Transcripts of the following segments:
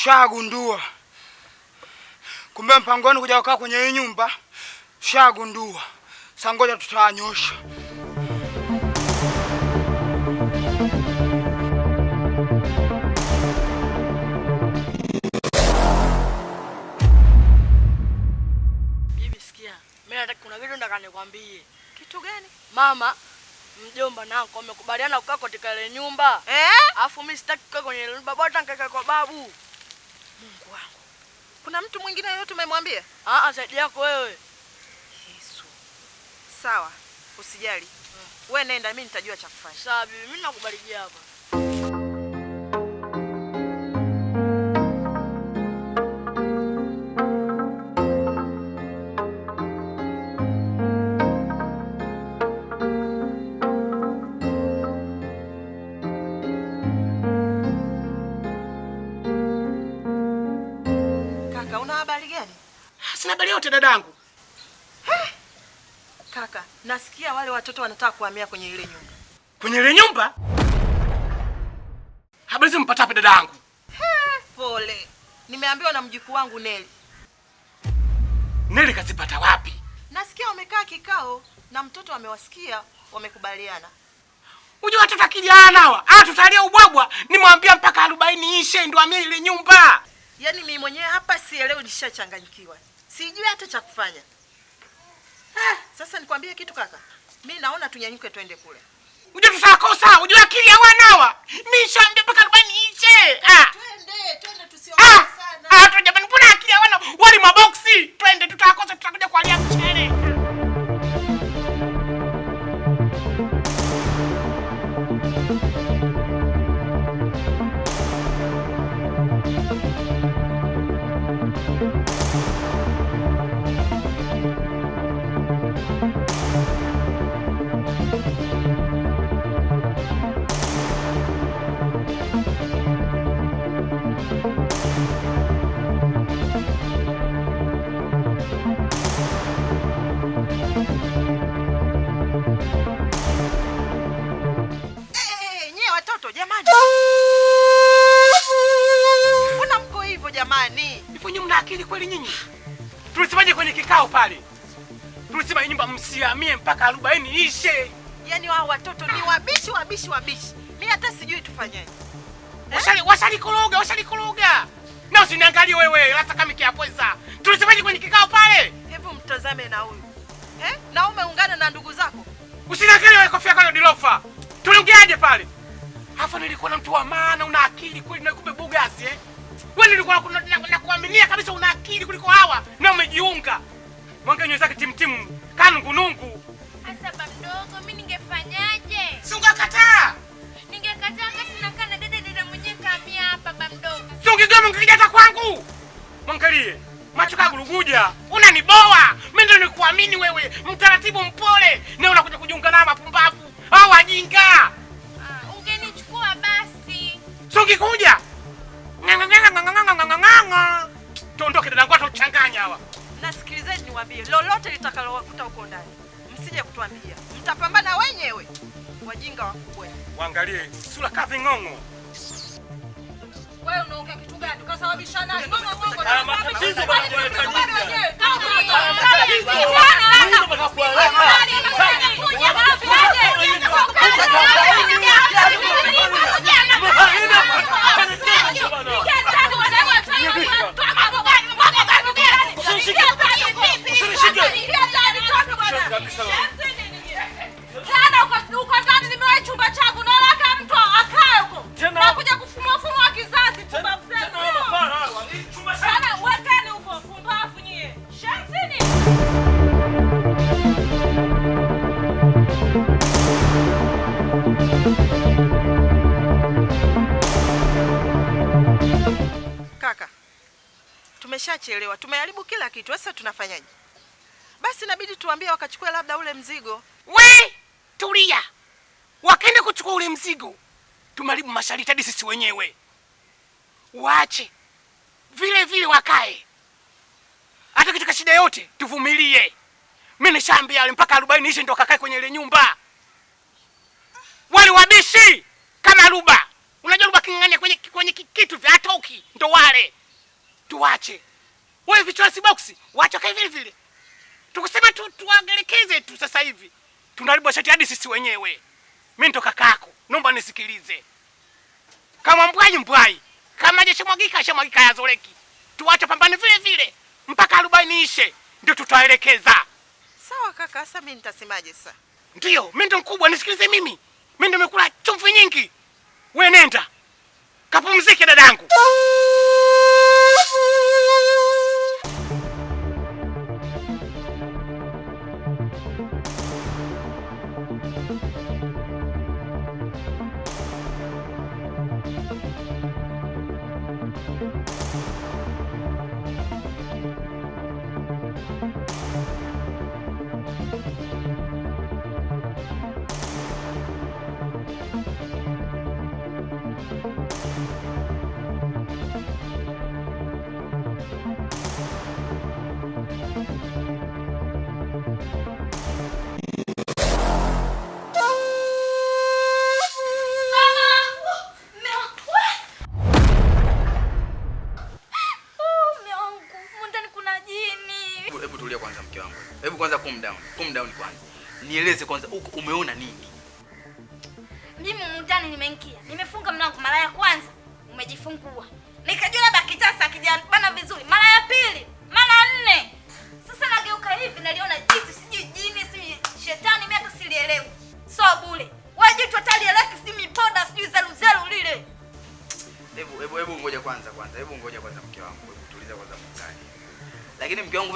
shagundua kumbe mpango wenu kuja kukaa kwenye hii nyumba. Shagundua sangoja, tutawanyosha nataka nikwambie kitu gani? Mama mjomba nako amekubaliana kukaa katika ile nyumba eh? Afu mimi sitaki kukaa kwenye ile nyumba bwana, nikakaa kwa babu. Mungu wangu, kuna mtu mwingine yoyote umemwambia? Ah ah, zaidi yako wewe. Yesu, sawa, usijali hmm. Wewe nenda, mimi nitajua cha kufanya. Sawa bibi, mimi nakubariki hapa. habari yote dadangu. Kaka, nasikia wale watoto wanataka kuhamia kwenye ile nyumba. Kwenye ile nyumba? Habari zimpata wapi dadangu? Pole, nimeambiwa na mjukuu wangu Neli. Neli kazipata wapi? Nasikia wamekaa kikao na mtoto amewasikia, wamekubaliana. Unajua watoto kijana hawa, ah, tutalia ubwabwa. Nimwambia mpaka arobaini ishe ndio amie ile nyumba. Yaani mimi mwenyewe hapa sielewi, nishachanganyikiwa sijui hata cha kufanya. Ah, sasa nikwambie kitu kaka, mi naona tunyanyuke twende kule. Ujue tutakosa, ujue akili ya wanawa Mimi mpaka arobaini ishe. Ah. Twende. jamani? Mbona mko hivyo jamani? Hivyo nyinyi mna akili kweli nyinyi? Tulisemaje kwenye kikao pale? Tulisema nyumba msiamie mpaka arobaini ishe. Yaani wao watoto ni wabishi wabishi wabishi. Mimi hata sijui tufanyeje. Washali eh? washali washali washalikoroga. Na usiniangalie wewe, hata kama kiapoza. Tulisemaje kwenye kikao pale? Hebu mtazame na huyu. Eh? Na umeungana na ndugu zako. Usiniangalie wewe, kofia kwa ni dilofa. Tuliungiaje pale? Afa nilikuwa na mtu wa maana, una akili kweli na kumbe bugasi eh? Wewe nilikuwa nakuaminia kabisa una akili kuliko hawa na umejiunga. Mwangenyo zake timtimu kangu ukikuja tuondoke, dadangu, tutachanganya hawa. Nasikilizeni niwaambie lolote litakalowakuta huko ndani, msije kutuambia, mtapambana wenyewe. Wajinga wakubwa, waangalie sura kavi ng'ong'o. Wewe unaongea kitu gani? Ukasababisha nani? tumeshachelewa, tumeharibu kila kitu. Sasa tunafanyaje? Basi inabidi tuambie wakachukue labda ule mzigo. We tulia, wakaenda kuchukua ule mzigo, tumeharibu masharti hadi sisi wenyewe. Waache vile vile, wakae hata katika shida yote, tuvumilie. Mimi nishaambia ale mpaka arobaini ishe ndo kakae kwenye ile nyumba, wale wabishi kama Ruba. Unajua Ruba king'ang'ania kwenye, kwenye kitu vya hatoki, ndo wale tuwache wewe vichora si box, wacha kai vile vile. Tukusema tu tuangelekeze tu sasa hivi. Tunalibwa shati hadi sisi wenyewe. Mimi ndo kakako, naomba nisikilize. Kama mbwai mbwai, kama jeshi mwagika jeshi mwagika ya zoreki. Tuache pambane vile vile mpaka arobaini ishe ndio tutaelekeza. Sawa kaka, sasa mimi nitasemaje sasa? Ndio, mimi ndo mkubwa, nisikilize mimi. Mimi ndo nimekula chumvi nyingi. Wewe nenda. Kapumzike dadangu. kwanza calm down. Calm down kwanza. Nieleze kwanza huko umeona nini? Mimi mtani nimeingia. Nimefunga mlango mara ya kwanza. Umejifungua. Nikajua labda kitasa kijana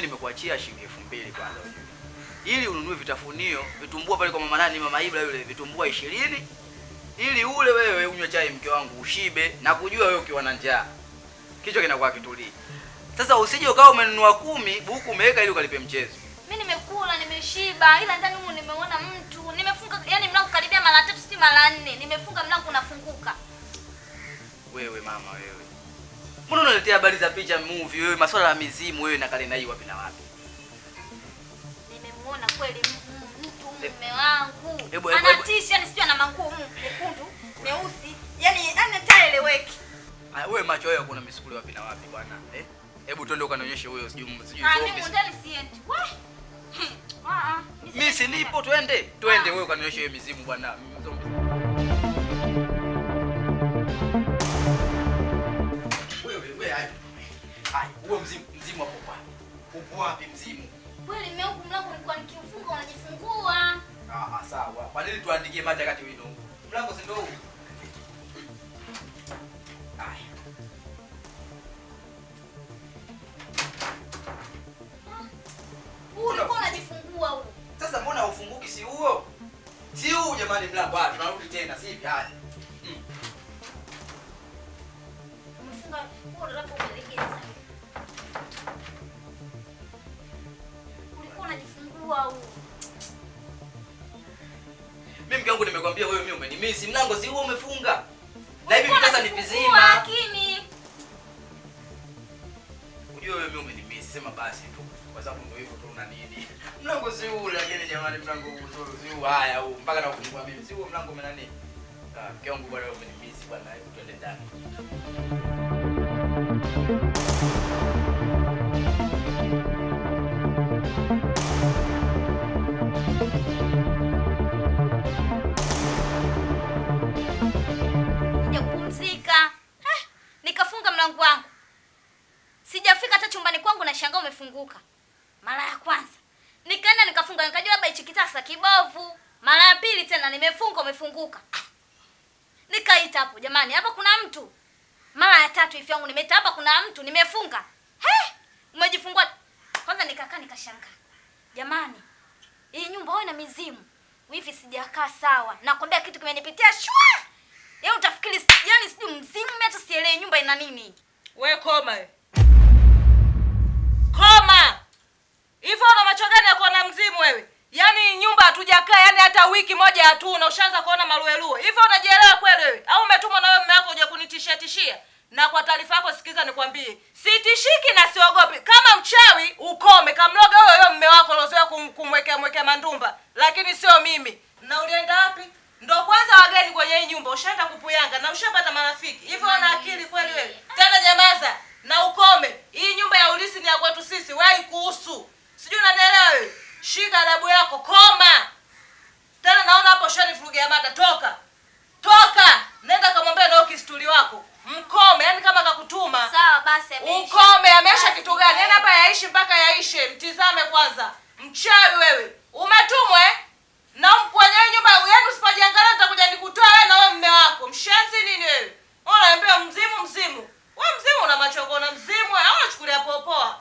mimi nimekuachia shilingi elfu mbili kwanza ujue, ili ununue vitafunio vitumbua pale kwa mama nani, mama Ibra yule, vitumbua ishirini ili ule wewe unywe chai, mke wangu, ushibe na kujua wewe ukiwa na njaa kichwa kinakuwa kitulii. Sasa usije ukawa umenunua kumi buku umeweka ili ukalipe mchezo. Mimi nimekula nimeshiba, ila ndani huko nimeona mtu nimefunga, yani mlango karibia mara tatu si mara nne, nimefunga mlango unafunguka. Wewe mama wewe Mbona unaletea habari za picha movie wewe, masuala ya mizimu wewe na kalenda hii wapi na wapi? Nimemuona kweli mtu eh. mume wangu. Hebu Ana t ni sio na manguo mekundu, meusi. Yaani taeleweki. anaeleweki. Wewe macho yako kuna misukuli wapi na wapi bwana? Eh? Hebu twende ukanionyeshe huyo sijui sijui. Ah, mimi ndani siendi. Wa? Hmm. Ah ah. Mimi si nipo twende. Twende ah. wewe ukanionyeshe hiyo mizimu bwana. Huo mzimu mzimu hapo kwa. Uko wapi mzimu? Kweli mimi huko mlango nilikuwa nikiufunga unajifungua. Ah, sawa. Kwa nini tuandikie maji kati wino? Mlango si ndio huu? jamani mlango. Ah, tunarudi tena si hivi haya. Mm. huo ndio unapopelekea sasa. Mimi mke wangu nimekwambia wewe mimi umenimisi. Mlango si huo umefunga. Na hivi vitasa ni vizima. Lakini unajua wewe mimi umenimisi, sema basi tu. Kwa sababu ndio hivyo tu una nini? Mlango si huo lakini jamani mlango huu si huo haya huo mpaka na nakufungua mimi. Si huo mlango mna nini ah, mke wangu bwana umenimisi bwana, hebu tuende ndani. kufunguka mara ya kwanza, nikaenda nikafunga, nikajua labda hichi kitasa kibovu. Mara ya pili tena nimefunga, umefunguka, nikaita hapo, jamani, hapa kuna mtu. Mara ya tatu hivi yangu nimeita, hapa kuna mtu, nimefunga. He, umejifungua kwanza. Nikakaa nikashangaa, jamani, hii nyumba wewe na mizimu hivi, sijakaa sawa. Nakwambia kitu kimenipitia shwa, yaani utafikiri, yaani sijui mzimu, hata sielewi nyumba ina nini. Wewe koma Hivyo una macho gani ya kuona mzimu wewe? Yaani nyumba hatujakaa, yaani hata wiki moja hatuna, ushaanza kuona maluelue. Hivyo unajielewa kweli wewe? Au umetumwa na wewe mume wako uje kunitishia Na kwa taarifa yako sikiza nikwambie, sitishiki na siogopi. Kama mchawi ukome, kamloga huyo huyo mume wako lozoea kumwekea mwekea mandumba, lakini sio mimi. Na ulienda wapi? Ndio kwanza wageni kwenye hii nyumba, ushaenda kupuyanga na ushapata marafiki. Hivyo una akili kweli wewe? Ng'ombe ameisha kitu gani? Yaani hapa yaishi mpaka yaishe. Mtizame kwanza. Mchawi wewe. Umetumwa eh? Na mkwenye nyumba yaani usipojiangalia nitakuja nikutoa wewe na wewe mume wako. Mshenzi nini wewe? Unaambia mzimu mzimu. Wewe mzimu una macho na mzimu. Hao unachukulia popoa.